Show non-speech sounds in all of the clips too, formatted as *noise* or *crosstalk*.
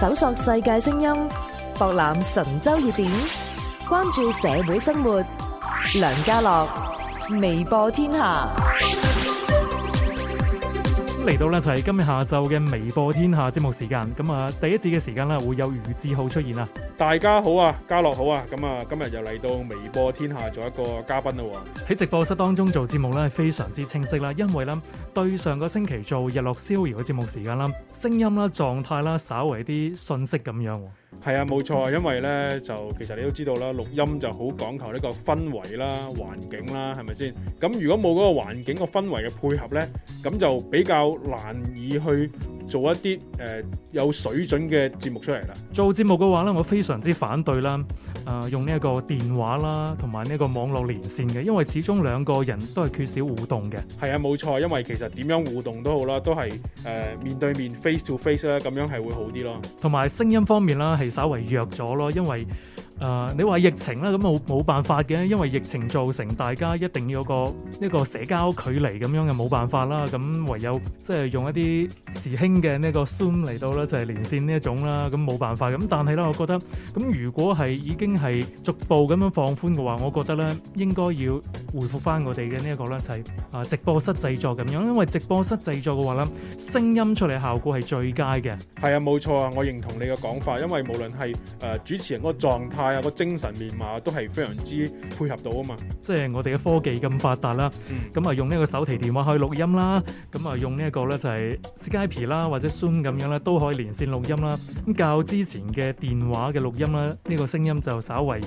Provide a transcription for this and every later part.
搜索世界聲音，博覽神州熱點，關注社會生活。梁嘉樂，微播天下。嚟到呢，就係今日下晝嘅微播天下節目時間，咁啊第一節嘅時間呢會有余志浩出現啊！大家好啊，家樂好啊，咁啊今日又嚟到微播天下做一個嘉賓喎。喺直播室當中做節目呢非常之清晰啦，因為呢，對上個星期做日落逍遙嘅節目時間啦，聲音啦狀態啦稍為啲訊息咁樣。係啊，冇錯啊，因為咧就其實你都知道啦，錄音就好講求呢個氛圍啦、環境啦，係咪先？咁如果冇嗰個環境個氛圍嘅配合呢，咁就比較難以去做一啲誒、呃、有水準嘅節目出嚟啦。做節目嘅話呢，我非常之反對啦。誒、呃、用呢一個電話啦，同埋呢個網絡連線嘅，因為始終兩個人都係缺少互動嘅。係啊，冇錯，因為其實點樣互動都好啦，都係誒、呃、面對面 face to face 啦，咁樣係會好啲咯。同埋聲音方面啦，係稍為弱咗咯，因為。誒，uh, 你話疫情咧，咁冇冇辦法嘅，因為疫情造成大家一定要一個一個社交距離咁樣嘅冇辦法啦。咁、嗯、唯有即係、就是、用一啲時興嘅呢個 Zoom 嚟到咧，就係、是、連線呢一種啦。咁、嗯、冇辦法咁，但係咧，我覺得咁、嗯、如果係已經係逐步咁樣放寬嘅話，我覺得咧應該要恢復翻我哋嘅呢一個咧就係啊直播室製作咁樣，因為直播室製作嘅話咧，聲音出嚟效果係最佳嘅。係啊，冇錯啊，我認同你嘅講法，因為無論係誒主持人個狀態。個精神面貌都係非常之配合到啊嘛！即係我哋嘅科技咁發達啦，咁啊用呢個手提電話去錄音啦，咁啊用呢一個咧就係 Skype 啦或者 Zoom 咁樣咧，都可以連線錄音啦。咁較之前嘅電話嘅錄音啦呢、呢個聲音就稍為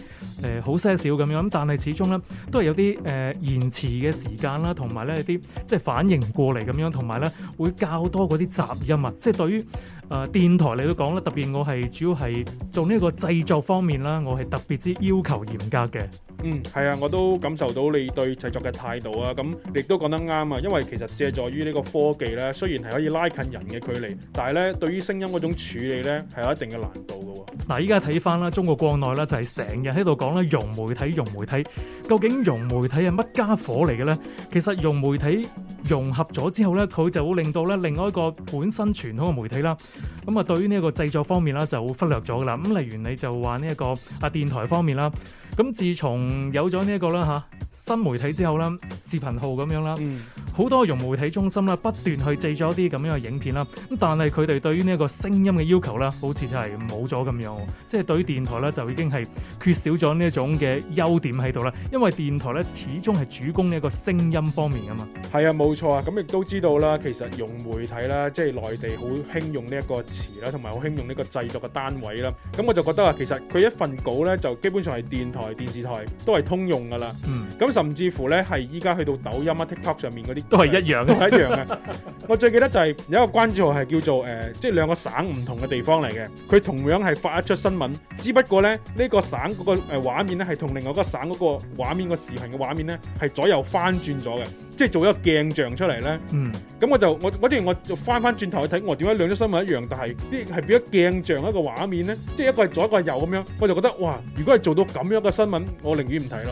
誒好些少咁樣，咁但係始終咧都係有啲誒延遲嘅時間啦，同埋咧有啲即係反應過嚟咁樣同埋咧會較多啲雜音啊！即係對於誒、呃、電台嚟到講咧，特別我係主要係做呢個製作方面啦，我係特別之要求嚴格嘅。嗯，係啊，我都感受到你對製作嘅態度啊。咁亦都講得啱啊。因為其實借助於呢個科技咧，雖然係可以拉近人嘅距離，但係咧對於聲音嗰種處理咧，係有一定嘅難度㗎。嗱，依家睇返啦，中國國內咧就係成日喺度講咧融媒體，融媒體究竟融媒體係乜傢伙嚟嘅咧？其實融媒體融合咗之後咧，佢就會令到咧另外一個本身傳統嘅媒體啦，咁啊對於呢一個製作方面啦，就會忽略咗噶啦。咁例如你就話呢一個。啊！電台方面啦，咁自從有咗呢一個啦吓。新媒體之後啦，視頻號咁樣啦，嗯，好多融媒體中心啦，不斷去製作一啲咁樣嘅影片啦，咁但係佢哋對於呢一個聲音嘅要求啦，好似就係冇咗咁樣，即係對於電台咧就已經係缺少咗呢一種嘅優點喺度啦，因為電台咧始終係主攻呢一個聲音方面㗎嘛。係啊，冇錯啊，咁亦都知道啦，其實融媒體啦，即係內地好興用呢一個詞啦，同埋好興用呢個製作嘅單位啦，咁我就覺得啊，其實佢一份稿咧就基本上係電台、電視台都係通用㗎啦。嗯。咁。甚至乎咧，係依家去到抖音啊、TikTok 上面嗰啲都係一樣嘅 *laughs* 一樣嘅。我最記得就係有一個關注號係叫做誒，即、呃、係、就是、兩個省唔同嘅地方嚟嘅。佢同樣係發一出新聞，只不過咧呢、呢個省嗰個誒畫面咧係同另外一個省嗰個畫面個視頻嘅畫面咧係左右翻轉咗嘅，即係做一個鏡像出嚟咧。嗯，咁我就我我即我，我我就翻翻轉頭去睇，我點解兩張新聞一樣，但係啲係變咗鏡像的一個畫面咧，即、就、係、是、一個係左一個係右咁樣，我就覺得哇！如果係做到咁樣嘅新聞，我寧願唔睇咯。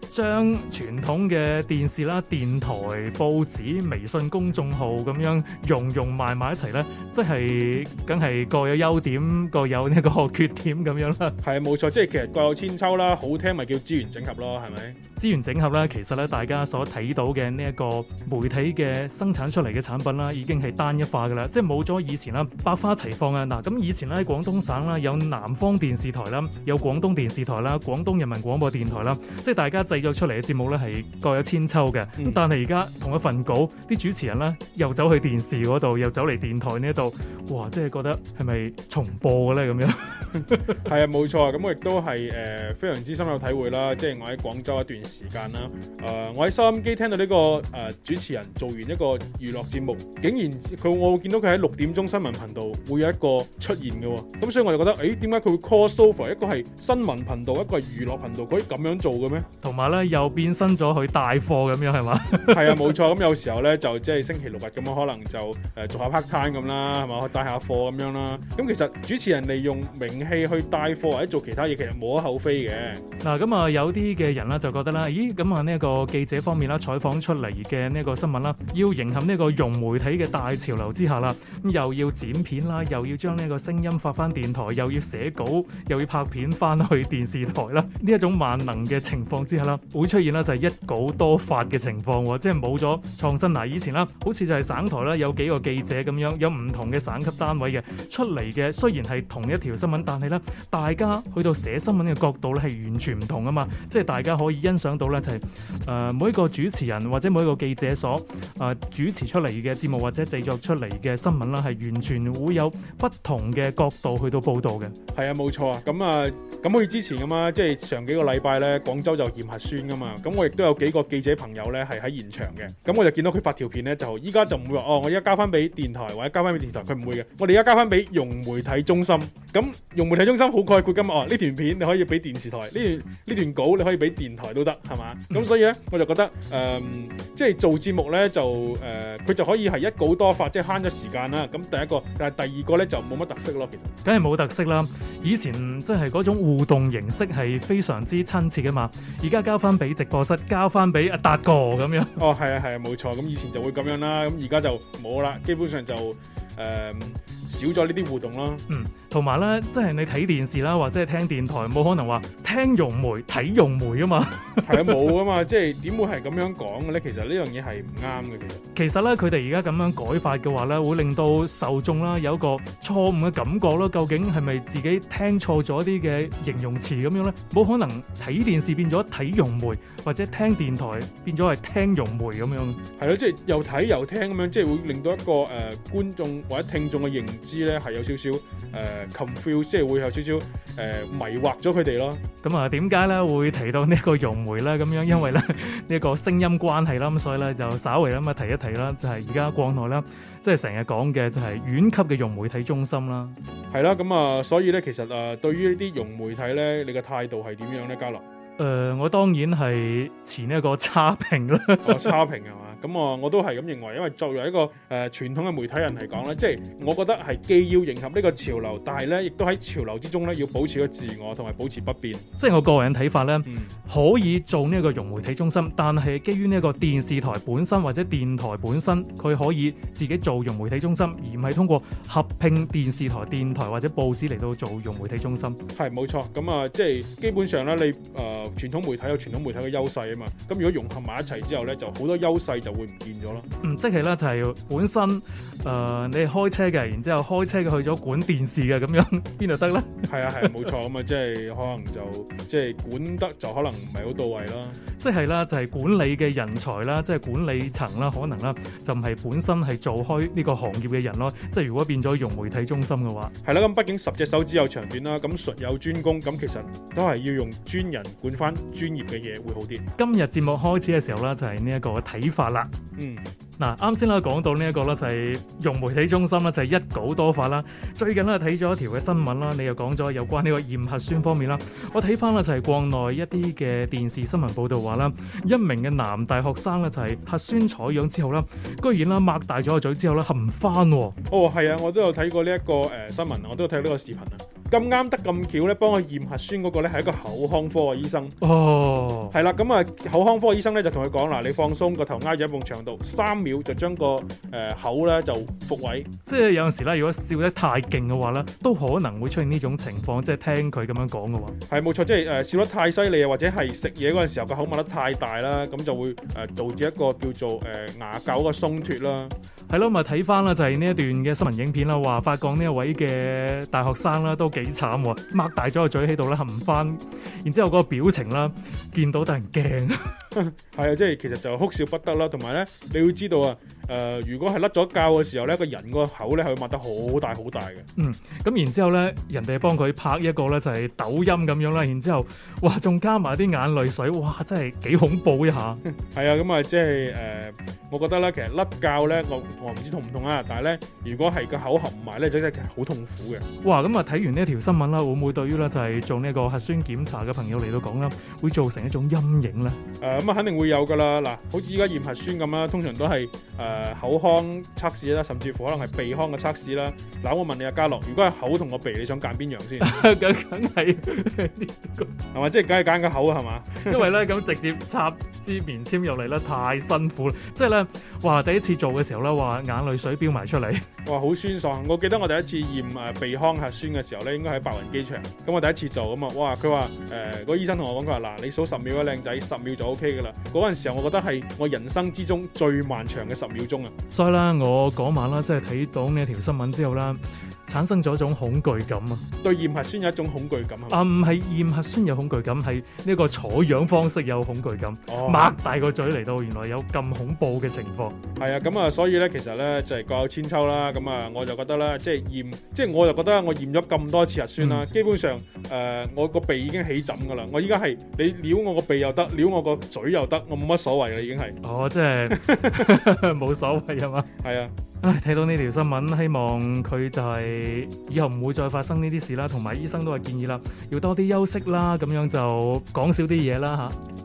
將傳統嘅電視啦、電台、報紙、微信公眾號咁樣融融埋埋一齊呢，即係梗係各有優點，各有呢個缺點咁樣啦。係冇錯，即係其實各有千秋啦。好聽咪叫資源整合咯，係咪？資源整合呢，其實咧，大家所睇到嘅呢一個媒體嘅生產出嚟嘅產品啦，已經係單一化㗎啦，即係冇咗以前啦，百花齊放啊！嗱，咁以前咧，廣東省啦有南方電視台啦，有廣東電視台啦，廣東人民廣播電台啦，即係大家就。有出嚟嘅節目咧係各有千秋嘅。嗯、但係而家同一份稿，啲主持人咧又走去電視度，又走嚟電台呢一度，哇！即係覺得係咪重播嘅咧？咁樣係啊，冇錯啊！咁我亦都係誒，非常之深有體會啦。即、就、係、是、我喺廣州一段時間啦，誒、呃，我喺收音機聽到呢、這個誒、呃、主持人做完一個娛樂節目，竟然佢我會見到佢喺六點鐘新聞頻道會有一個出現嘅。哦，咁所以我就覺得誒，點解佢會 cross over 一個係新聞頻道，一個係娛樂頻道，可以咁樣做嘅咩？同埋。咧又變身咗去帶貨咁樣係嘛？係 *laughs* 啊，冇錯。咁有時候咧就即係星期六日咁樣，可能就誒做下 part time 咁啦，係嘛，帶下貨咁樣啦。咁其實主持人利用名氣去帶貨或者做其他嘢，其實無可厚非嘅。嗱咁啊，有啲嘅人啦就覺得啦，咦咁啊呢一個記者方面啦，採訪出嚟嘅呢一個新聞啦，要迎合呢個融媒體嘅大潮流之下啦，咁又要剪片啦，又要將呢個聲音發翻電台，又要寫稿，又要拍片翻去電視台啦。呢一種萬能嘅情況之下啦。會出現啦，就係一稿多發嘅情況喎，即係冇咗創新。嗱，以前啦，好似就係省台啦，有幾個記者咁樣，有唔同嘅省級單位嘅出嚟嘅，雖然係同一條新聞，但係呢，大家去到寫新聞嘅角度咧係完全唔同啊嘛，即係大家可以欣賞到呢、就係，就係誒每一個主持人或者每一個記者所誒、呃、主持出嚟嘅節目或者製作出嚟嘅新聞啦，係完全會有不同嘅角度去到報導嘅。係啊，冇錯那啊。咁啊，咁好似之前咁嘛，即係上幾個禮拜呢，廣州就嚴核轉噶嘛？咁我亦都有幾個記者朋友咧，係喺現場嘅。咁我就見到佢發條片咧，就依家就唔會話哦，我而家交翻俾電台或者交翻俾電台，佢唔會嘅。我哋而家交翻俾融媒體中心。咁融媒體中心好概括噶嘛？呢、哦、段片你可以俾電視台，呢段呢段稿你可以俾電台都得，係嘛？咁、嗯、所以咧，我就覺得誒、呃，即係做節目咧就誒，佢、呃、就可以係一稿多發，即係慳咗時間啦。咁第一個，但係第二個咧就冇乜特色咯。其實梗係冇特色啦！以前即係嗰種互動形式係非常之親切噶嘛，而家。交翻俾直播室，交翻俾阿達哥咁樣。哦，係啊，係啊，冇錯。咁以前就會咁樣啦，咁而家就冇啦，基本上就。誒、嗯，少咗呢啲互動咯。嗯，同埋咧，即係你睇電視啦，或者係聽電台，冇可能話聽融媒、睇融媒啊嘛。係啊，冇啊嘛。即係點會係咁樣講嘅咧？其實呢樣嘢係唔啱嘅。其實其實咧，佢哋而家咁樣改法嘅話咧，會令到受眾啦有一個錯誤嘅感覺咯。究竟係咪自己聽錯咗啲嘅形容詞咁樣咧？冇可能睇電視變咗睇融媒，或者聽電台變咗係聽融媒咁樣。係咯、嗯，即係又睇又聽咁樣，即係會令到一個誒、呃、觀眾。或者聽眾嘅認知咧係有少少誒 confuse，即係會有少少誒迷惑咗佢哋咯。咁啊，點解咧會提到呢個融媒咧？咁樣因為咧呢、呢個聲音關係啦，咁所以咧就稍微咁啊提一提啦。就係而家國內啦，即係成日講嘅就係縣級嘅融媒體中心啦。係啦，咁啊，所以咧其實啊，對於呢啲融媒體咧，你嘅態度係點樣咧？嘉樂，誒、呃，我當然係前一個差評啦、哦，個差評係嘛？ *laughs* 咁啊，我都係咁認為，因為作為一個誒傳統嘅媒體人嚟講咧，即係我覺得係既要迎合呢個潮流，但係咧亦都喺潮流之中咧，要保持個自我同埋保持不變，即係我個，個人睇法咧，嗯、可以做呢個融媒體中心，但係基於呢個電視台本身或者電台本身，佢可以自己做融媒體中心，而唔係通過合併電視台、電台或者報紙嚟到做融媒體中心。係冇錯，咁啊，即係基本上咧，你誒傳統媒體有傳統媒體嘅優勢啊嘛，咁如果融合埋一齊之後咧，就好多優勢就。會唔見咗咯？嗯，即係咧就係、是、本身誒、呃，你係開車嘅，然之後開車嘅去咗管電視嘅咁樣，邊度得咧？係啊，係啊，冇錯啊嘛，即係可能就即係管得就可能唔係好到位咯。即係啦，就係、是、管理嘅人才啦，即、就、係、是、管理層啦，可能啦，就唔係本身係做開呢個行業嘅人咯。即係如果變咗融媒體中心嘅話，係啦。咁畢竟十隻手指有長短啦，咁術有專攻，咁其實都係要用專人管翻專業嘅嘢會好啲。今日節目開始嘅時候啦，就係呢一個睇法啦。嗯，嗱，啱先啦，講到呢一個咧就係融媒體中心咧就係一稿多發啦。最近咧睇咗一條嘅新聞啦，你又講咗有關呢個驗核酸方面啦。我睇翻咧就係國內一啲嘅電視新聞報道話啦，一名嘅男大學生咧就係核酸採樣之後咧，居然咧擘大咗個嘴之後咧合唔翻。哦，係啊，我都有睇過呢、這、一個誒、呃、新聞，我都有睇過呢個視頻啊。咁啱得咁巧咧，幫佢驗核酸嗰個咧係一個口腔科嘅醫生。哦、oh.，係啦，咁啊口腔科醫生咧就同佢講啦：，你放鬆個頭，挨住一埲牆度，三秒就將個誒口咧就復位。即係有陣時咧，如果笑得太勁嘅話咧，都可能會出現呢種情況。即係聽佢咁樣講嘅話，係冇錯，即係誒笑得太犀利啊，或者係食嘢嗰陣時候個口擘得太大啦，咁就會誒導致一個叫做誒牙骹嘅鬆脱啦。係咯，咪睇翻啦，就係呢一段嘅新聞影片啦，話發覺呢一位嘅大學生啦都幾幾慘喎，擘大咗個嘴喺度咧含翻，然之後個表情啦，見到得人驚，係 *noise* 啊，即係其實就哭笑不得啦，同埋咧，你會知道啊。誒、呃，如果係甩咗骹嘅時候咧，個人個口咧係會擘得好大好大嘅。嗯，咁然之後咧，人哋幫佢拍一個咧就係抖音咁樣啦，然之後，哇，仲加埋啲眼淚水，哇，真係幾恐怖一下。係啊，咁、嗯、啊，即係誒、呃，我覺得咧，其實甩骹咧，我我唔知痛唔痛啊，但係咧，如果係個口合唔埋咧，就真係其實好痛苦嘅。哇，咁、嗯、啊，睇完呢一條新聞啦，會唔會對於咧就係做呢個核酸檢查嘅朋友嚟到講啦，會造成一種陰影咧？誒、呃，咁、嗯、啊，肯定會有噶啦。嗱，好似依家驗核酸咁啦，通常都係誒、呃誒口腔測試啦，甚至乎可能係鼻腔嘅測試啦。嗱，我問你啊，嘉樂，如果係口同個鼻，你想揀邊樣先？梗梗係係嘛，即係梗係揀個口啊，係嘛？ *laughs* 因為咧，咁直接插支棉籤入嚟咧，太辛苦啦。即係咧，哇！第一次做嘅時候咧，哇眼淚水飆埋出嚟，哇，好酸爽。我記得我第一次驗誒鼻腔核酸嘅時候咧，應該喺白雲機場。咁我第一次做咁啊，哇！佢話誒，呃那個醫生同我講佢話嗱，你數十秒啊，靚仔，十秒就 O K 噶啦。嗰陣時候我覺得係我人生之中最漫長嘅十秒。所以啦，我嗰晚啦，即係睇到呢一條新聞之後啦。產生咗一種恐懼感啊，對驗核酸有一種恐懼感。是是啊，唔係驗核酸有恐懼感，係呢個採樣方式有恐懼感。擘、哦、大個嘴嚟到，原來有咁恐怖嘅情況。係啊，咁啊，所以咧，其實咧就係、是、各有千秋啦。咁啊，我就覺得啦，即係驗，即係我就覺得我驗咗咁多次核酸啦，嗯、基本上誒、呃，我個鼻已經起疹噶啦，我依家係你撩我個鼻又得，撩我個嘴又得，我冇乜所謂啦，已經係。哦，即係冇所謂啊嘛。係啊。唉，睇到呢條新聞，希望佢就係以後唔會再發生呢啲事啦。同埋醫生都係建議啦，要多啲休息啦，咁樣就講少啲嘢啦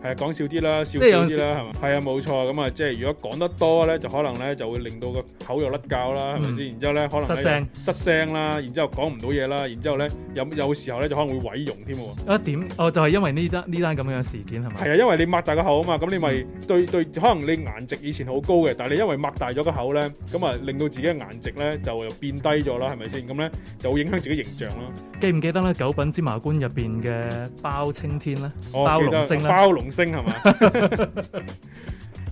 吓。係啊，講少啲啦，少少啲啦，係嘛？係啊，冇錯。咁啊，即係如果講得多咧，就可能咧就會令到個口又甩骹啦，係咪先？然之後咧可能失聲失聲啦，然之後講唔到嘢啦，然之後咧有有時候咧就可能會毀容添喎。一點哦，就係因為呢單呢單咁樣嘅事件係咪？係啊，因為你擘大個口啊嘛，咁你咪對對，可能你顏值以前好高嘅，但係你因為擘大咗個口咧，咁啊～令到自己嘅顏值咧就又變低咗啦，係咪先？咁咧就會影響自己的形象啦。記唔記得咧《九品芝麻官》入邊嘅包青天咧、哦？包龍星啦，包龍星係嘛？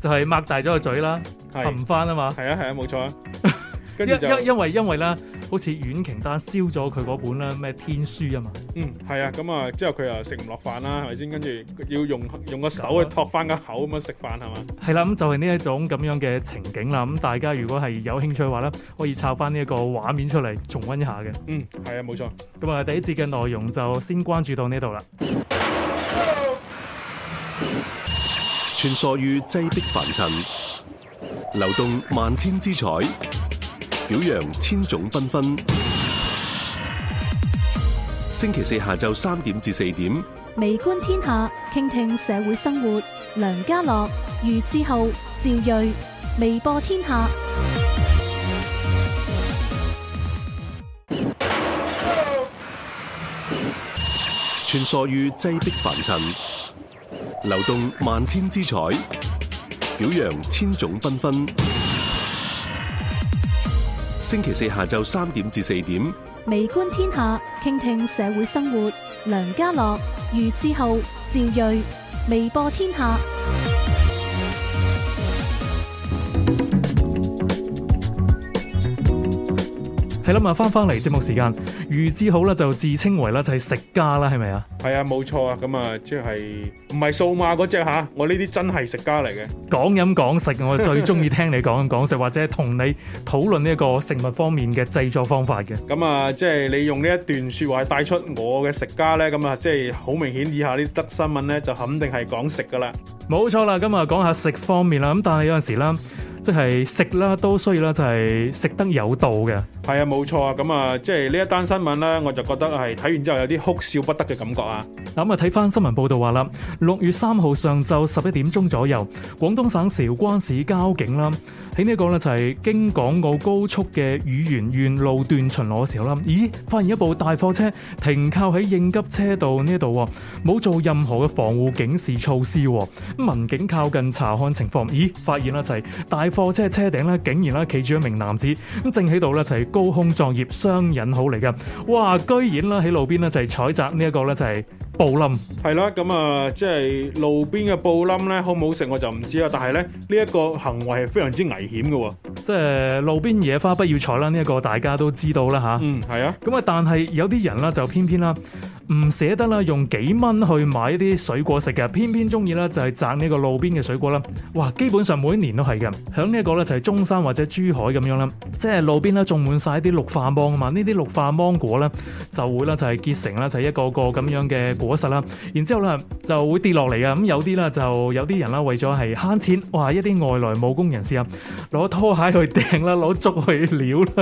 就係擘大咗個嘴啦，冚唔翻啊嘛？係啊係啊，冇錯、啊。沒錯啊 *laughs* 因因因為因為咧，好似阮瓊丹燒咗佢嗰本咧咩天書啊嘛。嗯，係啊，咁啊之後佢又食唔落飯啦，係咪先？跟住要用用個手去托翻個口咁樣食飯係嘛？係啦，咁就係呢一種咁樣嘅情景啦。咁大家如果係有興趣嘅話咧，可以抄翻呢一個畫面出嚟重溫一下嘅。嗯，係啊，冇錯。咁啊，第一節嘅內容就先關注到呢度啦。穿梭於擠逼凡塵，流動萬千之彩。表揚千種繽紛。星期四下晝三點至四點，微觀天下，傾聽社會生活。梁嘉樂、俞志浩、趙睿，微播天下。穿梭於擠逼凡塵，流動萬千姿彩。表揚千種繽紛。星期四下晝三點至四點，微觀天下，傾聽社會生活。梁嘉樂、俞志浩、趙睿，微播天下。係啦，咪翻翻嚟節目時間。預知好啦，就自稱為啦，就係食家啦，係咪啊？係啊，冇錯啊，咁啊，即係唔係數碼嗰隻吓，我呢啲真係食家嚟嘅。講飲講食，我最中意聽你講講食， *laughs* 或者同你討論呢一個食物方面嘅製作方法嘅。咁啊，即係你用呢一段說話帶出我嘅食家咧，咁啊，即係好明顯以下呢啲新新聞咧，就肯定係講食噶啦。冇錯啦，咁啊，講下食方面啦，咁但係有陣時咧。即係食啦，都需要啦，就係、是、食得有度嘅。係啊，冇錯啊。咁啊，即係呢一單新聞咧，我就覺得係睇完之後有啲哭笑不得嘅感覺啊。咁啊、嗯，睇翻新聞報道話啦，六月三號上晝十一點鐘左右，廣東省韶關市交警啦。喺呢個呢，就係京港澳高速嘅乳源縣路段巡邏嘅時候啦，咦，發現一部大貨車停靠喺應急車道呢度，冇做任何嘅防護警示措施喎。民警靠近查看情況，咦，發現咧就係大貨車車頂呢竟然啦企住一名男子，咁正喺度呢就係高空作業雙引號嚟㗎。哇！居然啦喺路邊呢就係採摘呢一個呢就係、是。布冧係啦，咁啊，嗯、即係路邊嘅布冧咧，好唔好食我就唔知啦。但係咧，呢、這、一個行為係非常之危險嘅、啊，即係路邊野花不要採啦。呢、這、一個大家都知道啦，吓、啊。嗯，係啊。咁啊，但係有啲人啦，就偏偏啦。唔捨得啦，用幾蚊去買一啲水果食嘅，偏偏中意咧就係摘呢個路邊嘅水果啦。哇，基本上每一年都係嘅。響呢一個咧就係中山或者珠海咁樣啦，即係路邊咧種滿曬啲綠化芒啊嘛。呢啲綠化芒果咧就會咧就係結成啦，就一個個咁樣嘅果實啦。然之後咧就會跌落嚟嘅。咁有啲咧就有啲人啦，為咗係慳錢，哇！一啲外來務工人士啊，攞拖鞋去掟啦，攞竹去撩啦。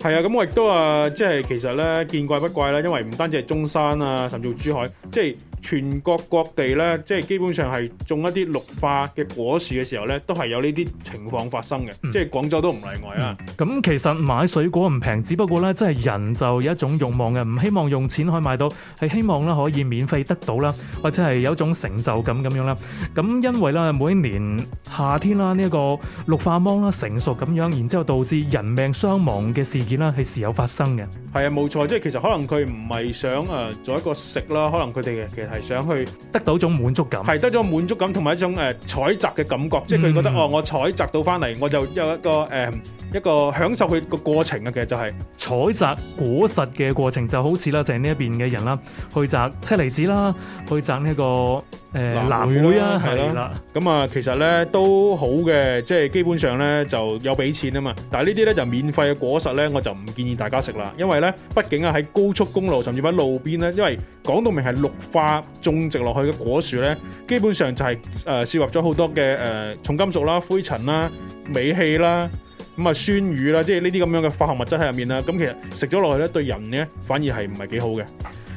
係啊，咁我亦都啊，即係其實咧見怪不怪啦，因為唔單止係中山。啊，甚至珠海，即係。全國各地咧，即係基本上係種一啲綠化嘅果樹嘅時候咧，都係有呢啲情況發生嘅，嗯、即係廣州都唔例外啊。咁、嗯、其實買水果唔平，只不過咧，即係人就有一種慾望嘅，唔希望用錢可以買到，係希望啦可以免費得到啦，或者係有一種成就感咁樣啦。咁因為咧每一年夏天啦、啊，呢、這、一個綠化芒啦成熟咁樣，然之後導致人命傷亡嘅事件啦，係時有發生嘅。係啊，冇錯，即係其實可能佢唔係想啊、呃、做一個食啦，可能佢哋其實係想去得到一種滿足感，係得咗滿足感同埋一種誒採摘嘅感覺，即係佢覺得、嗯、哦，我採摘到翻嚟，我就有一個誒、呃、一個享受佢個過程嘅、啊。其實就係、是、採摘果實嘅過程，就好似啦，就係呢一邊嘅人啦，去摘車厘子啦，去摘呢、這個。誒，呃、藍莓啦，係啦，咁啊，其實咧都好嘅，即係基本上咧就有俾錢啊嘛。但係呢啲咧就免費嘅果實咧，我就唔建議大家食啦，因為咧畢竟啊喺高速公路甚至喺路邊咧，因為講到明係綠化種植落去嘅果樹咧，基本上就係誒攝入咗好多嘅誒、呃、重金屬啦、灰塵啦、尾氣啦，咁啊酸雨啦，即係呢啲咁樣嘅化學物質喺入面啦。咁其實食咗落去咧，對人咧反而係唔係幾好嘅。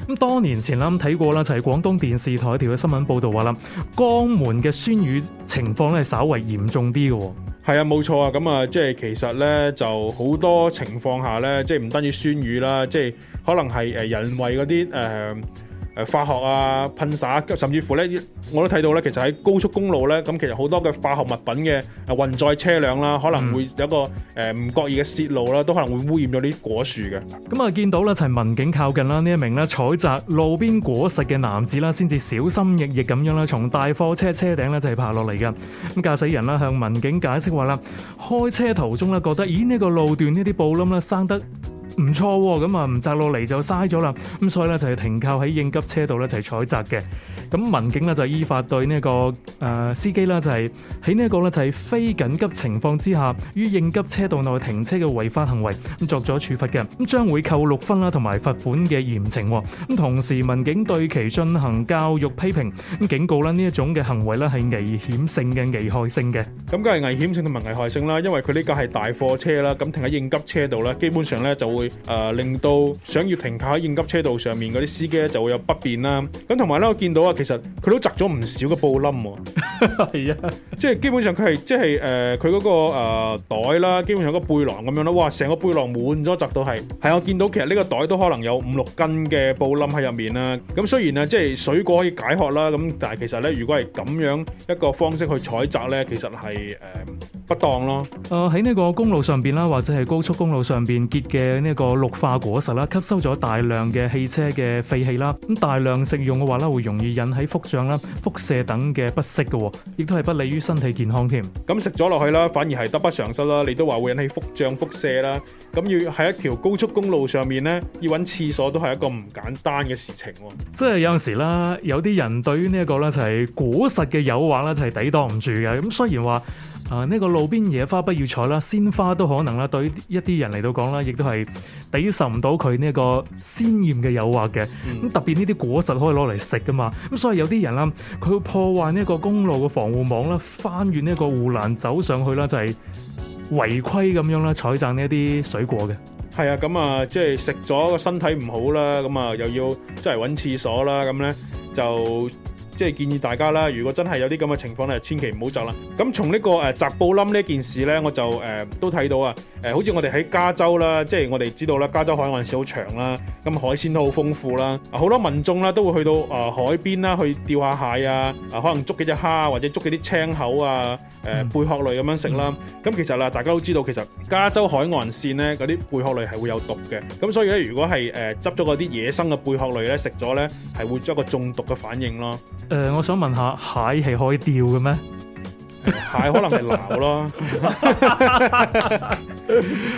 咁多年前啦，咁睇過啦，就係、是、廣東電視台一條新聞報道話啦，江門嘅酸雨情況咧係稍微嚴重啲嘅。係啊，冇錯啊，咁啊，即係其實咧就好多情況下咧，即係唔單止酸雨啦，即係可能係誒人為嗰啲誒。呃化學啊噴灑啊，甚至乎呢，我都睇到呢。其實喺高速公路呢，咁其實好多嘅化學物品嘅運載車輛啦，可能會有個誒唔覺意嘅泄露啦，都可能會污染咗啲果樹嘅。咁啊、嗯，見到呢，就係民警靠近啦，呢一名呢採摘路邊果實嘅男子啦，先至小心翼翼咁樣呢，從大貨車車頂呢就係爬落嚟嘅。咁駕駛人啦向民警解釋話啦，開車途中呢，覺得，咦呢個路段呢啲布冧啦生得，唔錯喎，咁啊唔摘落嚟就嘥咗啦，咁所以咧就係停靠喺應急車道咧就係採摘嘅。咁民警呢，就依法對呢、呢個誒、呃、司機啦、就係，就係喺呢一個咧就係非緊急情況之下，於應急車道內停車嘅違法行為咁作咗處罰嘅，咁將會扣六分啦，同埋罰款嘅嚴懲。咁同時民警對其進行教育批評，咁警告啦，呢一種嘅行為咧係危險性嘅危害性嘅。咁梗係危險性同埋危害性啦，因為佢呢個係大貨車啦，咁停喺應急車道咧，基本上咧就會。誒、呃，令到想要停靠喺應急車道上面嗰啲司機咧，就會有不便啦。咁同埋咧，我見到啊，其實佢都摘咗唔少嘅布冧、哦，係啊，即係基本上佢係即係誒，佢、呃、嗰、那個誒、呃、袋啦，基本上個背囊咁樣啦，哇，成個背囊滿咗摘到係，係我見到，其實呢個袋都可能有五六斤嘅布冧喺入面啊。咁雖然啊，即係水果可以解渴啦，咁但係其實咧，如果係咁樣一個方式去採摘咧，其實係誒、呃、不當咯。誒、呃，喺呢個公路上邊啦，或者係高速公路上邊結嘅呢？個綠化果實啦，吸收咗大量嘅汽車嘅廢氣啦，咁大量食用嘅話咧，會容易引起腹脹啦、腹瀉等嘅不適嘅，亦都係不利於身體健康添。咁食咗落去啦，反而係得不償失啦。你都話會引起腹脹、腹瀉啦，咁要喺一條高速公路上面呢，要揾廁所都係一個唔簡單嘅事情。即係有陣時啦，有啲人對於呢一個咧就係、是、果實嘅誘惑咧，就係、是、抵擋唔住嘅。咁雖然話。啊！呢個路邊野花不要採啦，鮮花都可能啦，對於一啲人嚟到講啦，亦都係抵受唔到佢呢個鮮豔嘅誘惑嘅。咁、嗯、特別呢啲果實可以攞嚟食㗎嘛，咁所以有啲人啦，佢會破壞呢個公路嘅防護網啦，翻越呢個護欄走上去啦，就係、是、違規咁樣啦，採摘呢啲水果嘅。係啊，咁啊，即係食咗個身體唔好啦，咁啊又要即係揾廁所啦，咁咧就。即係建議大家啦，如果真係有啲咁嘅情況咧，千祈唔好執啦。咁從呢、這個誒集、呃、布冧呢件事咧，我就誒、呃、都睇到啊。誒、呃，好似我哋喺加州啦，即係我哋知道啦，加州海岸線好長啦，咁、嗯、海鮮都好豐富啦。好、啊、多民眾啦都會去到啊、呃、海邊啦去釣下蟹啊，啊可能捉幾隻蝦或者捉幾啲青口啊，誒、呃、貝殼類咁、嗯嗯、樣食啦。咁其實啦，大家都知道其實加州海岸線咧嗰啲貝殼類係會有毒嘅。咁所以咧，如果係誒執咗嗰啲野生嘅貝殼類咧食咗咧，係會作一個中毒嘅反應咯。誒、呃，我想問下蟹係可以釣嘅咩？蟹可能係撈咯、啊，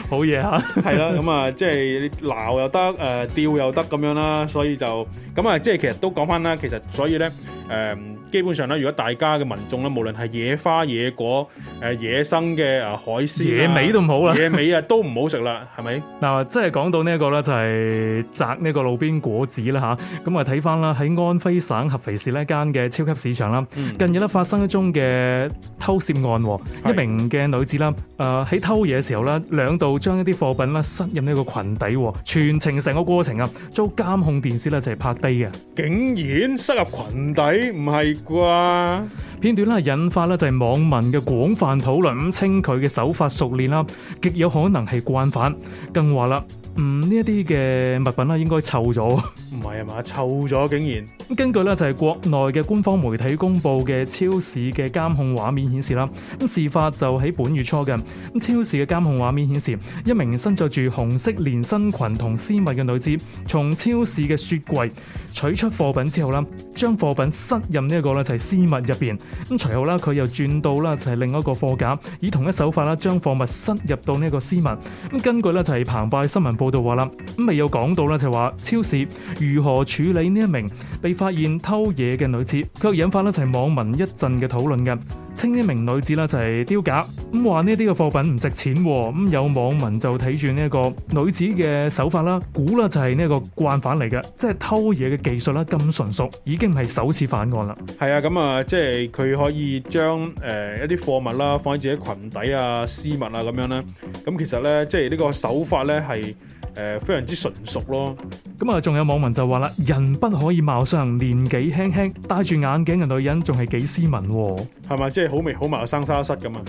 好嘢吓，係啦，咁啊，即係撈又得，誒、呃，釣又得咁樣啦，所以就咁啊，即係其實都講翻啦，其實所以咧，誒、呃。基本上咧，如果大家嘅民眾咧，無論係野花野果、誒野生嘅啊海鮮、野味都唔好啦野好，野味啊都唔好食啦，係咪？嗱，即係講到呢一個咧，就係摘呢個路邊果子啦吓，咁啊，睇翻啦，喺安徽省合肥市呢間嘅超級市場啦，嗯嗯近日咧發生一宗嘅偷竊案，是的 一名嘅女子啦，誒、呃、喺偷嘢嘅時候咧，兩度將一啲貨品咧塞入呢個裙底，全程成個過程啊，遭監控電視咧就係拍低嘅，竟然塞入裙底，唔係～啩乖片段啦，引發啦就係網民嘅廣泛討論，稱佢嘅手法熟練啦，極有可能係慣犯，更話啦。嗯，呢一啲嘅物品啦，應該臭咗，唔係啊嘛，臭咗竟然。根據咧就係國內嘅官方媒體公布嘅超市嘅監控畫面顯示啦。咁事發就喺本月初嘅。咁超市嘅監控畫面顯示，一名身着住紅色連身裙同絲襪嘅女子，從超市嘅雪櫃取出貨品之後呢，將貨品塞入呢一個呢就係絲襪入邊。咁隨後呢，佢又轉到啦就係另外一個貨架，以同一手法啦將貨物塞入到呢一個絲襪。咁根據呢就係澎湃新聞報。報道話啦，咁未有講到啦，就話超市如何處理呢一名被發現偷嘢嘅女子，卻引發就係網民一陣嘅討論嘅。稱呢名女子咧就係丟架，咁話呢啲嘅貨品唔值錢，咁有網民就睇住呢一個女子嘅手法啦，估啦就係呢一個慣犯嚟嘅，即係偷嘢嘅技術啦咁純熟，已經係首次犯案啦。係啊，咁、嗯、啊，即係佢可以將誒、呃、一啲貨物啦放喺自己裙底啊、絲襪啊咁樣啦。咁、嗯、其實咧即係呢個手法咧係誒非常之純熟咯。咁啊、嗯，仲有網民就話啦，人不可以貌相，年紀輕輕戴住眼鏡嘅女人仲係幾斯文喎、哦，係咪即？好味好埋個生沙虱咁啊！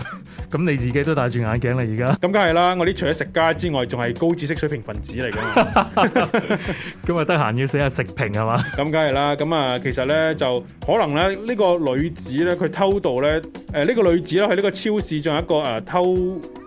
咁你自己都戴住眼鏡啦，而家咁梗係啦！我哋除咗食家之外，仲係高知識水平分子嚟噶嘛要食？咁啊，得閒要寫下食評，係嘛？咁梗係啦！咁啊，其實咧就可能咧呢、這個女子咧，佢偷渡咧誒、呢、呃這個女子咧喺呢個超市仲有一個誒、呃、偷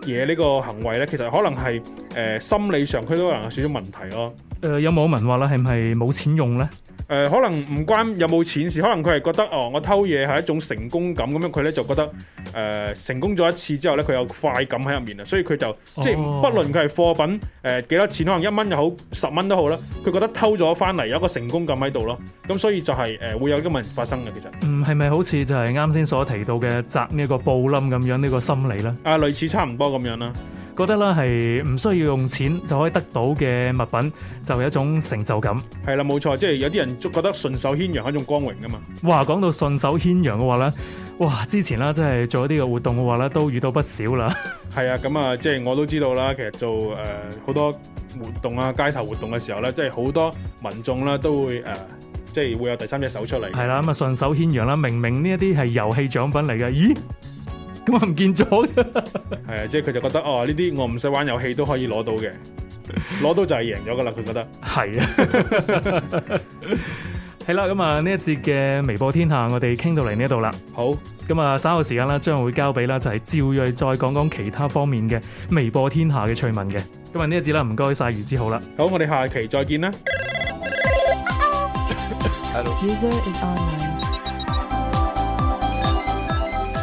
嘢呢個行為咧，其實可能係誒、呃、心理上佢都可能有少少問題咯。誒、呃，有網民話啦，係咪冇錢用咧？誒、呃，可能唔關有冇錢事，可能佢係覺得哦，我偷嘢係一種成功感，咁樣佢咧就覺得誒、呃、成功咗一次之後咧，佢有快感喺入面啊，所以佢就、哦、即係不論佢係貨品誒幾、呃、多錢，可能一蚊又好，十蚊都好啦，佢覺得偷咗翻嚟有一個成功感喺度咯，咁所以就係、是、誒、呃、會有呢個問題發生嘅，其實。嗯，係咪好似就係啱先所提到嘅摘呢個布冧咁樣呢、這個心理咧？啊、呃，類似差唔多咁樣啦。覺得咧係唔需要用錢就可以得到嘅物品，就有、係、一種成就感。係啦，冇錯，即係有啲人覺得順手牽羊係一種光榮㗎嘛。哇，講到順手牽羊嘅話咧，哇，之前啦，即係做一啲嘅活動嘅話咧，都遇到不少啦。係啊，咁、嗯、啊，即係我都知道啦。其實做誒好、呃、多活動啊，街頭活動嘅時候咧，即係好多民眾啦都會誒、呃，即係會有第三隻手出嚟。係啦，咁、嗯、啊，順手牽羊啦，明明呢一啲係遊戲獎品嚟嘅，咦？咁啊唔見咗係啊，即係佢就覺得哦，呢啲我唔使玩遊戲都可以攞到嘅，攞 *laughs* 到就係贏咗噶啦，佢覺得係啊，係啦，咁啊呢一節嘅微播天下我哋傾到嚟呢度啦，好，咁啊稍後時間啦，將會交俾啦就係趙睿再講講其他方面嘅微播天下嘅趣聞嘅，咁啊呢一節啦唔該晒俞志浩啦，好，我哋下期再見啦。Hello. Hello.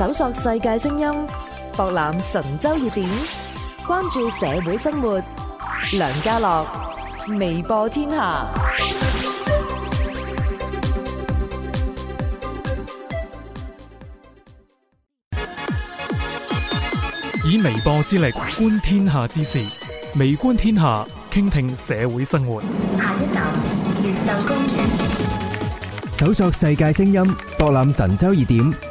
搜索世界聲音，博覽神州熱點，關注社會生活。梁嘉樂，微博天下，以微博之力觀天下之事，微觀天下，傾聽社會生活。公搜索世界聲音，博覽神州熱點。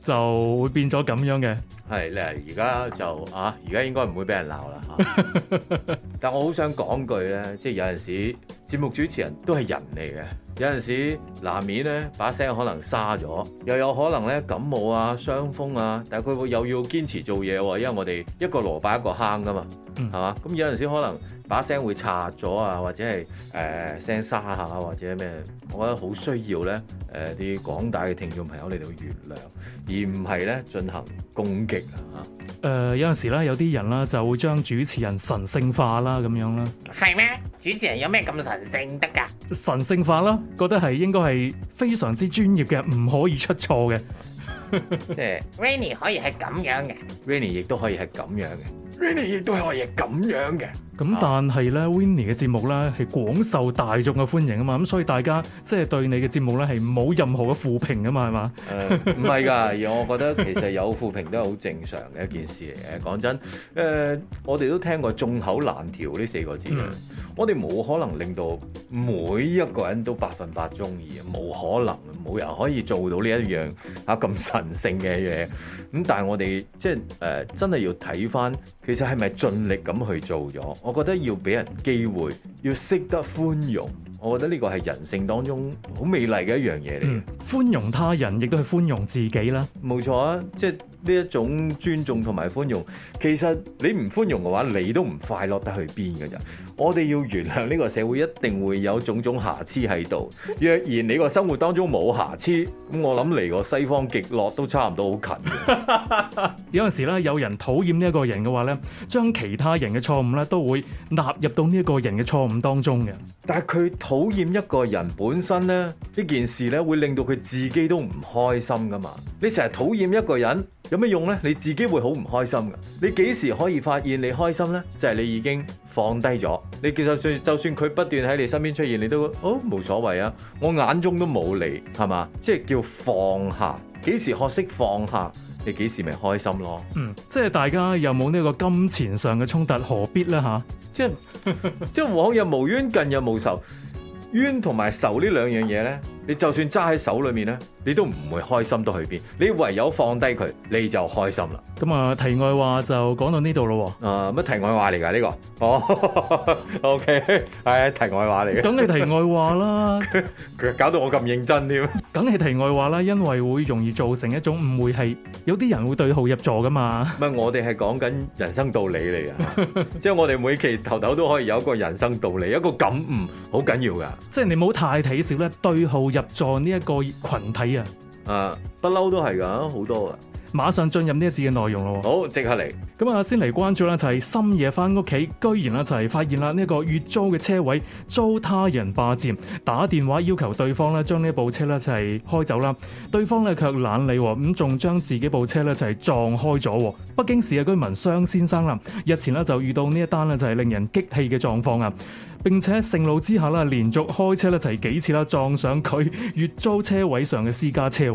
就會變咗咁樣嘅，係咧，而家就啊，而家應該唔會俾人鬧啦， *laughs* 啊，但我好想講句咧，即係有陣時。節目主持人都係人嚟嘅，有陣時難免咧把聲可能沙咗，又有可能咧感冒啊、傷風啊，但係佢會又要堅持做嘢喎，因為我哋一個蘿蔔一個坑噶嘛，係嘛、嗯？咁有陣時可能把聲會擦咗啊，或者係誒聲沙下或者咩？我覺得好需要咧，誒啲廣大嘅聽眾朋友嚟到原諒，而唔係咧進行攻擊啊！誒、呃，有陣時咧有啲人啦就會將主持人神聖化啦咁樣啦，係咩？主持人有咩咁神？神聖得噶，神聖化啦，覺得係應該係非常之專業嘅，唔可以出錯嘅。即係 Rainy 可以係咁樣嘅，Rainy 亦都可以係咁樣嘅，Rainy 亦都可以係咁樣嘅。咁、嗯、但係咧、啊，Winnie 嘅節目咧係廣受大眾嘅歡迎啊嘛，咁所以大家即係、就是、對你嘅節目咧係冇任何嘅負評啊嘛，係嘛？唔係㗎， *laughs* 而我覺得其實有負評都係好正常嘅一件事嚟嘅。講真，誒、呃、我哋都聽過眾口難調呢四個字、嗯、我哋冇可能令到每一個人都百分百中意，冇可能，冇人可以做到呢一樣啊咁神聖嘅嘢。咁但係我哋即係誒、呃、真係要睇翻，其實係咪盡力咁去做咗？我覺得要俾人機會，要識得寬容。我覺得呢個係人性當中好美麗嘅一樣嘢嚟嘅。嗯。寬容他人，亦都係寬容自己啦。冇錯啊，即係呢一種尊重同埋寬容。其實你唔寬容嘅話，你都唔快樂得去邊嘅啫。我哋要原諒呢個社會一定會有種種瑕疵喺度。若然你個生活當中冇瑕疵，咁我諗嚟個西方極樂都差唔多好近。 *laughs* 有陣時咧，有人討厭呢一個人嘅話咧，將其他人嘅錯誤咧都會納入到呢一個人嘅錯誤當中嘅。但係佢討厭一個人本身咧，呢件事咧會令到佢自己都唔開心㗎嘛？你成日討厭一個人，有咩用呢？你自己會好唔開心噶。你幾時可以發現你開心呢？就係、是、你已經放低咗。你其實就算就算佢不斷喺你身邊出現，你都哦，冇所謂啊。我眼中都冇你，係嘛？即係叫放下。幾時學識放下？你幾時咪開心咯？嗯，即係大家有冇呢個金錢上嘅衝突，何必呢？吓、啊？即係 *laughs* 即係往日無冤，近日無仇，冤同埋仇呢兩樣嘢呢。你就算揸喺手裏面咧，你都唔會開心到去邊。你唯有放低佢，你就開心啦。咁啊，題外話就講到呢度咯。啊、呃，乜題外話嚟噶呢個？哦、oh，OK，係、哎、題外話嚟嘅。梗係題外話啦，佢 *laughs* 搞到我咁認真添。梗係題外話啦，因為會容易造成一種誤會，係有啲人會對號入座噶嘛。乜、嗯、我哋係講緊人生道理嚟啊，即係 *laughs* 我哋每期頭頭都可以有一個人生道理，一個感悟，好緊要噶。即係你唔好太睇少咧，對號入。入座呢一個群體啊，不嬲都係噶，好多啊，馬上進入呢一節嘅內容咯，好，即刻嚟。咁啊，先嚟關注啦，就係深夜翻屋企，居然啦、啊、就係發現啦呢個月租嘅車位遭他人霸佔，打電話要求對方呢將呢一部車呢就係開走啦、啊，對方呢卻懶理，咁仲將自己部車呢就係撞開咗、啊。北京市嘅居民商先生啦、啊，日前呢就遇到呢一單呢就係令人激氣嘅狀況啊。並且盛怒之下啦，連續開車咧就係幾次啦撞上佢月租車位上嘅私家車。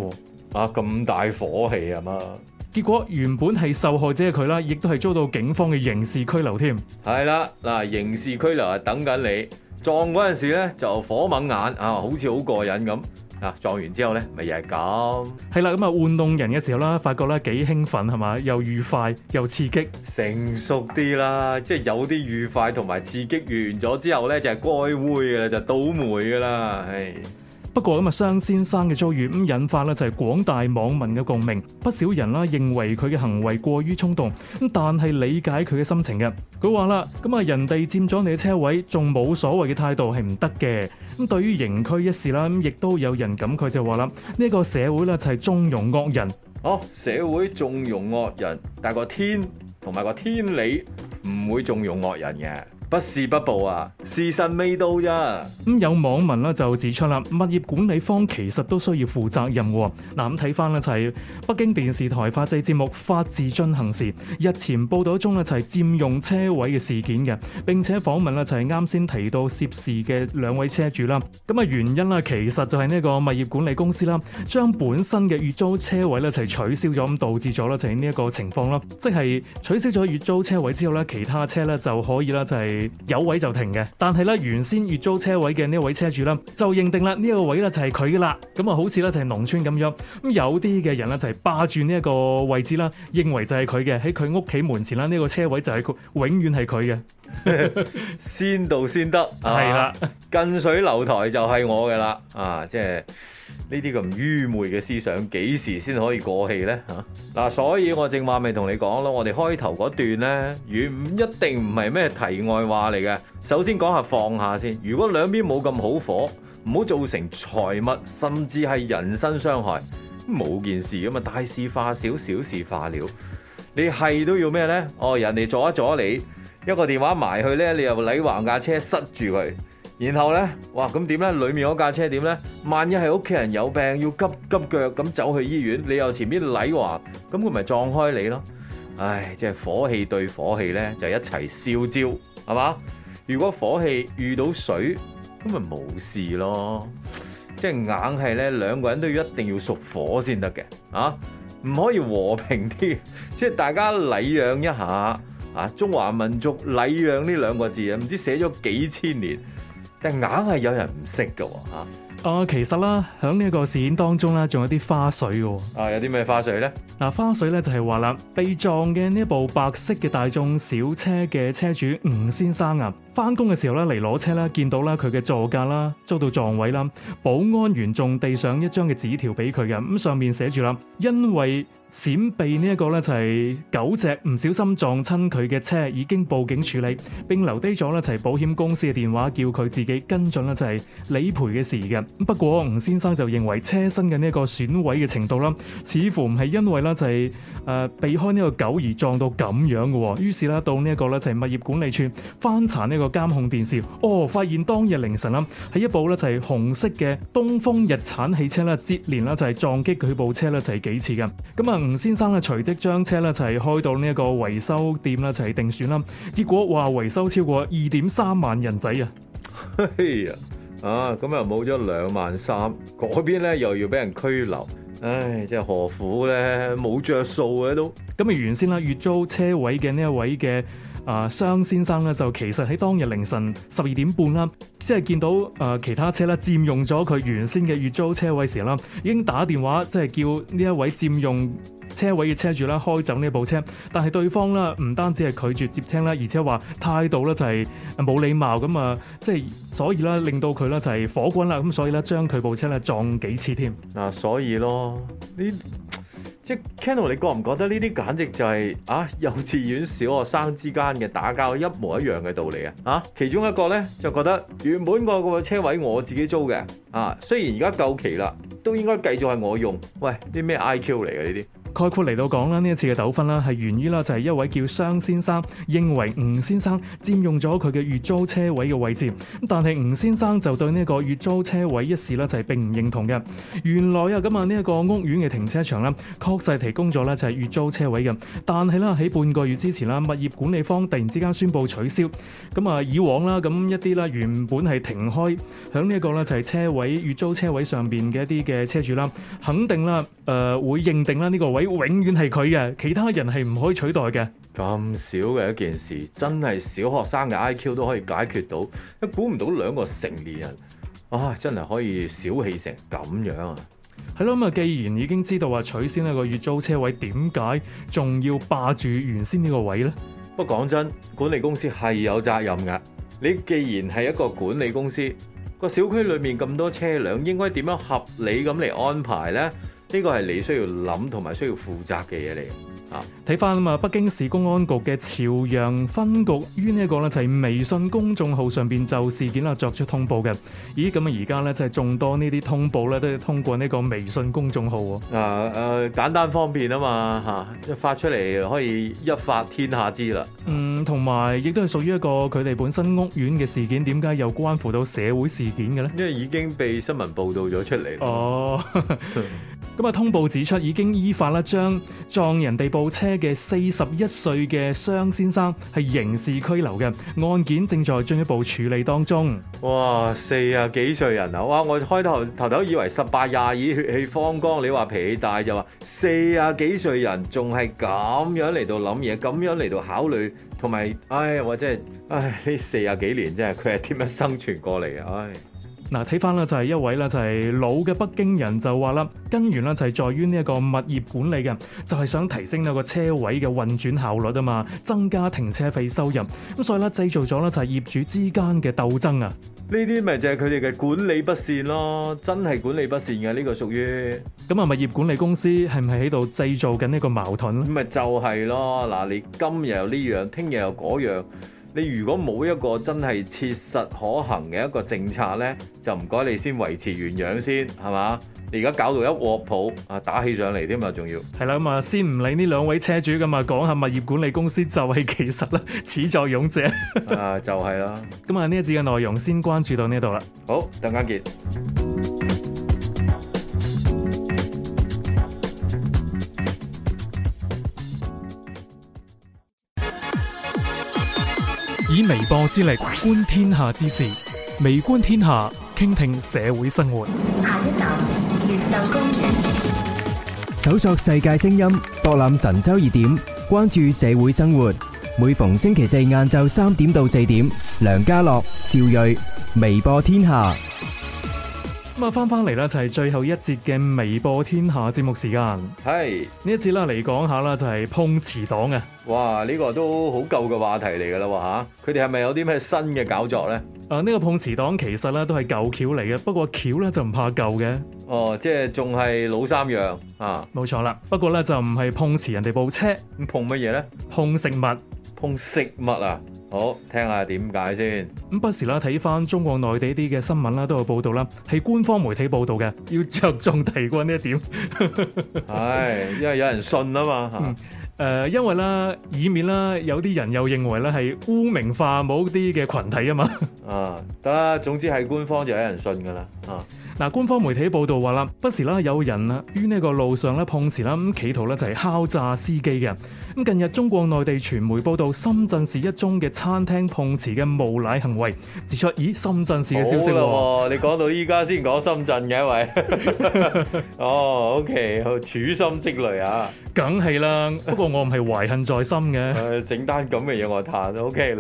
啊，咁大火氣啊嘛！結果原本係受害者嘅佢啦，亦都係遭到警方嘅刑事拘留添。係啦，嗱，刑事拘留係等緊你撞嗰陣時咧就火猛眼啊，好似好過癮咁。啊！撞完之後咧，咪又係咁。係啦，咁啊，玩弄人嘅時候啦，發覺咧幾興奮係嘛，又愉快又刺激。成熟啲啦，即係有啲愉快同埋刺激完咗之後咧，就該會嘅啦，就是、倒霉嘅啦，係。不過咁啊，商先生嘅遭遇咁引發咧就係廣大網民嘅共鳴，不少人啦認為佢嘅行為過於衝動，咁但係理解佢嘅心情嘅。佢話啦，咁啊人哋佔咗你嘅車位，仲冇所謂嘅態度係唔得嘅。咁對於刑拘一事啦，咁亦都有人感慨就話啦，呢個社會咧就係縱容惡人。哦，社會縱容惡人，但個天同埋個天理唔會縱容惡人嘅。不是不報啊！事實未到啫。咁有網民啦就指出啦，物業管理方其實都需要負責任喎。嗱咁睇翻咧就係北京電視台法制節目《法治進行時》日前報道中咧就係佔用車位嘅事件嘅，並且訪問啦就係啱先提到涉事嘅兩位車主啦。咁啊原因啦其實就係呢個物業管理公司啦，將本身嘅月租車位呢，就一齊取消咗，咁導致咗咧就係呢一個情況啦，即係取消咗月租車位之後咧，其他車呢，就可以啦就係、是。有位就停嘅。但係咧原先月租車位嘅呢位車主啦，就認定啦呢個位咧就係佢啦，咁啊好似咧就係農村咁樣，咁有啲嘅人啦就係霸住呢一個位置啦，認為就係佢嘅，喺佢屋企門前啦呢個車位就係佢，永遠係佢嘅，先到先得，係啦，啊，對了 近水樓台就係我噶啦，啊，即係。呢啲咁愚昧嘅思想幾時先可以過氣呢？吓、啊、嗱，所以我正話咪同你講咯。我哋開頭嗰段呢，原唔一定唔係咩題外話嚟嘅。首先講下放下先。如果兩邊冇咁好火，唔好造成財物甚至係人身傷害，冇件事噶嘛。大事化小，小事化了。你係都要咩呢？哦，人哋阻一阻你，一個電話埋去呢，你又禮橫架車塞住佢。然後咧，哇咁點咧？裏面嗰架車點咧？萬一係屋企人有病要急急腳咁走去醫院，你又前面禮華咁，佢咪撞開你咯？唉，即係火氣對火氣咧，就一齊燒焦係嘛？如果火氣遇到水，咁咪冇事咯。即係硬係咧，兩個人都要一定要屬火先得嘅啊，唔可以和平啲，即係大家禮讓一下啊。中華民族禮讓呢兩個字啊，唔知寫咗幾千年。但硬係有人唔識嘅喎啊、呃，其實啦，喺呢一個事件當中呢，仲有啲花絮嘅、啊。啊，有啲咩花絮呢？嗱、啊，花絮呢就係話啦，被撞嘅呢一部白色嘅大眾小車嘅車主吳先生啊，翻工嘅時候呢嚟攞車啦，見到啦佢嘅座駕啦遭到撞位啦，保安員仲遞上一張嘅紙條俾佢嘅，咁上面寫住啦，因為。閃避呢一個咧就係狗隻唔小心撞親佢嘅車，已經報警處理並留低咗咧就係保險公司嘅電話，叫佢自己跟進呢就係理賠嘅事嘅。不過吳先生就認為車身嘅呢個損毀嘅程度啦，似乎唔係因為咧就係誒避開呢個狗而撞到咁樣嘅。於是啦到呢一個咧就係物業管理處翻查呢個監控電視，哦發現當日凌晨啦喺一部咧就係紅色嘅東風日產汽車咧接連啦就係撞擊佢部車咧就係、是、幾次嘅咁啊！嗯吳先生咧，隨即將車咧一齊開到呢一個維修店啦，一齊定損啦。結果話維修超過二點三萬人仔嘿嘿啊！哎呀，啊咁又冇咗兩萬三，嗰邊咧又要俾人拘留，唉，真係何苦咧？冇着數啊都，咁啊原先啦，月租車位嘅呢一位嘅。啊，商、呃、先生咧就其實喺當日凌晨十二點半啦，即係見到啊、呃、其他車咧佔用咗佢原先嘅月租車位時啦，已經打電話即係叫呢一位佔用車位嘅車主啦開走呢部車，但係對方啦唔單止係拒絕接聽啦，而且話態度咧就係冇禮貌，咁啊即係所以啦令到佢咧就係、是、火滾啦，咁所以咧將佢部車咧撞幾次添。嗱、啊，所以咯，你。即係 Kennel，你覺唔覺得呢啲簡直就係、是、啊幼稚園小學生之間嘅打交一模一樣嘅道理啊？啊，其中一個呢，就覺得原本我個車位我自己租嘅啊，雖然而家夠期啦，都應該繼續係我用。喂，啲咩 IQ 嚟嘅呢啲？概括嚟到講啦，呢一次嘅糾紛啦，係源於啦就係一位叫商先生認為吳先生佔用咗佢嘅月租車位嘅位置，咁但係吳先生就對呢個月租車位一事呢就係並唔認同嘅。原來啊，咁啊呢一個屋苑嘅停車場啦，屋細提供咗咧，就係月租車位嘅，但係啦，喺半個月之前啦，物業管理方突然之間宣布取消。咁啊，以往啦，咁一啲咧，原本係停開響呢一個咧，就係車位月租車位上邊嘅一啲嘅車主啦，肯定啦誒、呃、會認定啦呢個位永遠係佢嘅，其他人係唔可以取代嘅。咁少嘅一件事，真係小學生嘅 I Q 都可以解決到，都估唔到兩個成年人啊，真係可以小氣成咁樣啊！係咯，咁既然已經知道話取消呢個月租車位，點解仲要霸住原先呢個位呢？不過講真，管理公司係有責任噶。你既然係一個管理公司，個小區裏面咁多車輛，應該點樣合理咁嚟安排呢？呢、呢個係你需要諗同埋需要負責嘅嘢嚟。睇翻啊，北京市公安局嘅朝陽分局於呢一個咧就係微信公眾號上邊就事件啦作出通報嘅。咦，咁啊而家咧就係眾多呢啲通報咧都係通過呢個微信公眾號喎。啊誒、呃，簡單方便嘛啊嘛嚇，一發出嚟可以一發天下知啦。嗯，同埋亦都係屬於一個佢哋本身屋苑嘅事件，點解又關乎到社會事件嘅咧？因為已經被新聞報導咗出嚟。哦。 *laughs* 咁啊，通報指出已經依法咧將撞人哋部車嘅四十一歲嘅商先生係刑事拘留嘅，案件正在進一步處理當中。哇，四啊幾歲人啊！哇，我開頭頭頭以為十八廿二,二血氣方剛，你話脾氣大就話四啊幾歲人仲係咁樣嚟到諗嘢，咁樣嚟到考慮，同埋唉，我真係唉呢四啊幾年真係佢係點樣生存過嚟啊！唉、哎。嗱，睇翻啦，就係一位啦，就係老嘅北京人就話啦，根源啦就係在於呢一個物業管理嘅，就係想提升呢個車位嘅運轉效率啊嘛，增加停車費收入，咁所以啦，製造咗啦就係業主之間嘅鬥爭啊。呢啲咪就係佢哋嘅管理不善咯，真係管理不善嘅呢個屬於，咁啊物業管理公司係唔係喺度製造緊呢個矛盾？咁咪就係咯，嗱，你今日又呢樣，聽日又嗰樣。你如果冇一個真係切實可行嘅一個政策呢，就唔該你先維持原樣先，係嘛？你而家搞到一鑊泡啊，打起上嚟添啊，仲要係啦。咁啊，先唔理呢兩位車主咁啊，講下物業管理公司就係其實啦，始作俑者啊，就係、是、啦。咁啊，呢一節嘅內容先關注到呢度啦。好，鄧家傑。微播之力，觀天下之事；微觀天下，傾聽社會生活。下一集《越秀公園》，搜索世界聲音，博覽神州熱點，關注社會生活。每逢星期四晏晝三點到四點，梁嘉樂、趙睿，微播天下。咁啊，翻翻嚟啦，就係、是、最後一節嘅微播天下節目時間。係呢 Hey. 一節啦，嚟講下啦，就係碰瓷黨嘅。哇，呢、這個都好舊嘅話題嚟噶啦，吓，佢哋係咪有啲咩新嘅搞作咧？啊，是是的呢啊、這個碰瓷黨其實咧都係舊橋嚟嘅，不過橋咧就唔怕舊嘅。哦，即係仲係老三樣啊，冇錯啦。不過咧就唔係碰瓷人哋部車，咁碰乜嘢咧？碰食物，碰食物啦、啊。好，聽下點解先咁，不時啦睇，翻中國內地啲嘅新聞啦，都有報道啦，係官方媒體報道嘅，要着重提過呢一點。係， *laughs* 因為有人信啊嘛吓。嗯誒、呃，因為咧，以免咧有啲人又認為咧係污名化某啲嘅群體啊嘛。啊，得啦，總之係官方就有人信噶啦。啊，嗱，官方媒體報道話啦，不時啦有人啊於呢個路上咧碰瓷啦，咁企圖咧就係敲詐司機嘅。咁近日中國內地傳媒報道深圳市一宗嘅餐廳碰瓷嘅無賴行為，指出咦，深圳市嘅消息咯。好啦，你講到依家先講深圳嘅一位。哦、 *laughs* *laughs* oh,，OK，好處心積慮啊，梗係啦。我唔係懷恨在心嘅、呃，整單咁嘅嘢我彈，OK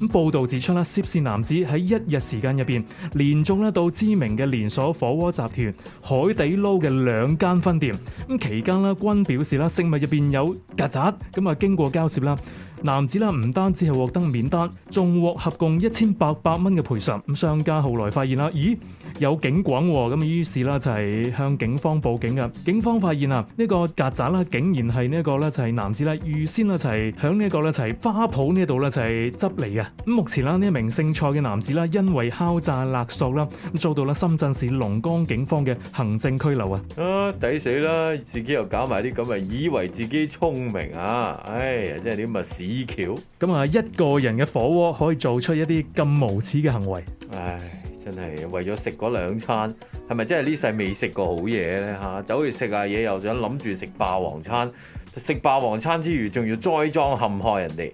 你。咁報道指出啦，涉事男子喺一日時間入面連中呢到知名嘅連鎖火鍋集團海底撈嘅兩間分店，咁期間咧均表示啦，食物入面有曱甴，咁啊經過交涉啦。男子啦唔單止係獲得免單，仲獲合共一千八百蚊嘅賠償。咁商家後來發現啦，咦，有警廣咁、哦，於是啦就係向警方報警嘅。警方發現啊，呢、這個曱甴啦，竟然係呢一個咧就係男子啦預先啦就係喺呢一個咧就係花圃呢度啦就係執嚟嘅。咁目前啦呢一名姓蔡嘅男子啦，因為敲詐勒索啦，咁遭到啦深圳市龍崗警方嘅行政拘留啊。啊抵死啦！自己又搞埋啲咁啊，以為自己聰明啊！唉、哎、呀，真係啲咁啊屎！咁啊！一個人嘅火鍋可以做出一啲咁無恥嘅行為。唉，真係為咗食嗰兩餐，係咪真係呢世未食過好嘢呢？吓，走去食下嘢，又想諗住食霸王餐，食霸王餐之餘，仲要栽贓陷害人哋。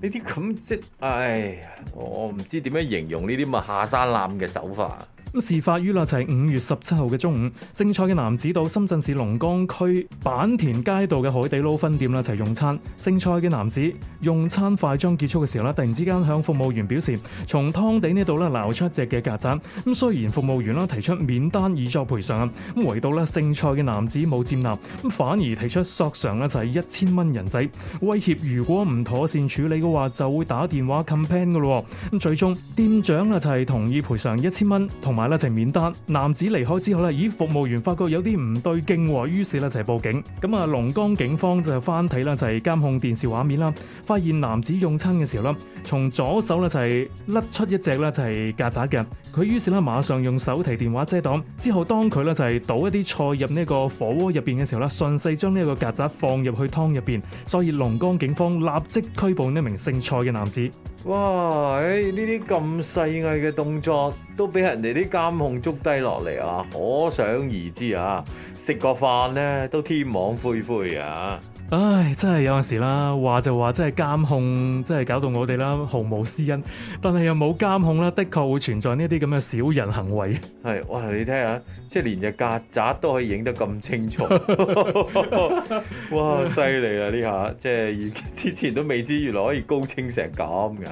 呢啲咁即唉，我唔知點樣形容呢啲咁下三濫嘅手法。咁事發於啦就係五月十七號嘅中午，姓蔡嘅男子到深圳市龍崗區坂田街道嘅海底撈分店啦，就係用餐。姓蔡嘅男子用餐快將結束嘅時候咧，突然之間向服務員表示，從湯底呢度咧撈出一隻嘅曱甴。咁雖然服務員啦提出免單以作賠償啊，咁唯獨咧姓蔡嘅男子冇接受，咁反而提出索償啦，就係一千蚊人仔，威脅如果唔妥善處理嘅話就會打電話 complain 噶咯。咁最終店長啦就係同意賠償一千蚊，同埋。啊、就免單。男子離開之後咧，咦，服務員發覺有啲唔對勁，於是咧就係報警。咁、嗯、啊，龍崗警方就翻睇啦，就係監控電視畫面啦，發現男子用餐嘅時候啦，從左手咧就係甩出一隻咧就係曱甴嘅。佢於是咧馬上用手提電話遮擋，之後當佢咧就係倒一啲菜入呢個火鍋入邊嘅時候咧，順勢將呢個曱甴放入去湯入邊。所以龍崗警方立即拘捕呢名姓蔡嘅男子。哇！呢啲咁細微嘅動作都俾人哋啲監控捉低落嚟啊！可想而知啊，食個飯咧都天網恢恢啊！唉，真係有陣時候啦，話就話，真係監控真係搞到我哋啦，毫無私隱。但係又冇監控咧，的確會存在呢啲咁嘅小人行為、啊。係哇！你睇下，即係連隻曱甴都可以影得咁清楚。哇！犀利啊！呢下即係之前都未知，原來可以高清成咁嘅。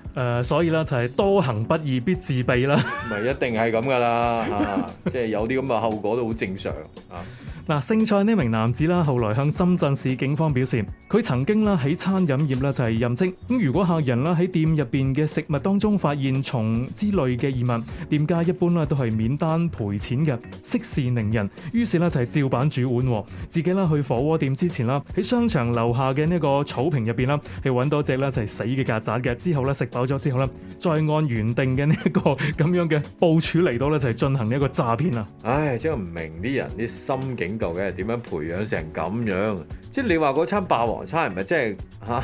誒、呃，所以咧就係多行不義必自斃啦，唔一定係咁噶啦吓，即係、 *laughs* 啊就是、有啲咁嘅後果都好正常啊。嗱，姓蔡呢名男子啦，後來向深圳市警方表示，佢曾經啦喺餐飲業啦就係任職。咁如果客人啦喺店入邊嘅食物當中發現蟲之類嘅異物，店家一般咧都係免單賠錢嘅，息事寧人。於是咧就係照板煮碗，自己去火鍋店之前啦，喺商場樓下嘅呢個草坪入邊啦，去揾多隻咧就係死嘅曱甴嘅，之後咧食。走咗之後咧，再按原定嘅呢一個咁樣嘅部署嚟到咧，就係進行呢一個詐騙啦。唉，真係唔明啲人啲心境究竟係點樣培養成咁樣。即係你話嗰餐霸王餐係咪真係吓？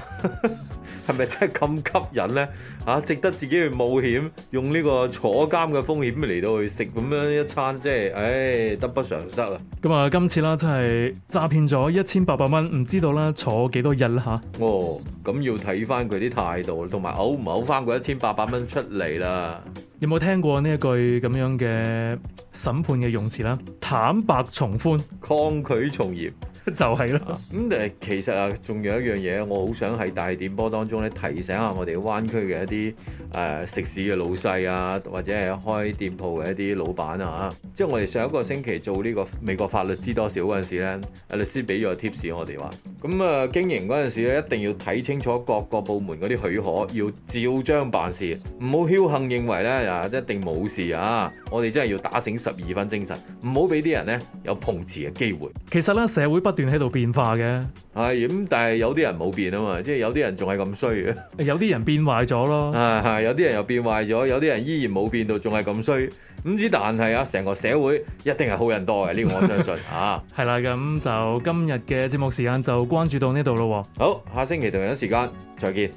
係咪真係咁吸引咧？吓，值得自己去冒險，用呢個坐監嘅風險嚟到去食咁樣一餐，即係，唉，得不償失啊！咁啊，今次啦，真係詐騙咗一千八百蚊，唔知道啦，坐幾多日啦吓？哦，咁要睇翻佢啲態度，同埋嘔唔嘔翻嗰一千八百蚊出嚟啦？有冇聽過呢一句咁樣嘅審判嘅用詞啦？坦白從寬，抗拒從嚴。就係咯，咁誒，其實啊，仲有一樣嘢，我好想喺大電波當中咧，提醒下我哋灣區嘅一啲誒食肆嘅老細啊，或者係開店鋪嘅一啲老闆啊。即係我哋上一個星期做呢個美國法律知多少嗰陣時咧，阿律師俾咗個 tips 我哋話，咁啊經營嗰陣時咧，一定要睇清楚各個部門嗰啲許可，要照章辦事，唔好僥倖認為咧啊一定冇事啊！我哋真係要打醒十二分精神，唔好俾啲人咧有碰瓷嘅機會。其實咧，社會不斷喺度變化嘅，係咁、哎，但係有啲人冇變啊嘛，即、就、係、是、有啲人仲係咁衰嘅，有啲人變壞咗咯，係係有啲人又變壞咗，有啲人依然冇變到，仲係咁衰。咁知，但係啊，成個社會一定係好人多嘅，呢 *laughs* 個我相信吓，係、啊、啦，咁就今日嘅節目時間就關注到呢度咯。好，下星期同樣時間再見。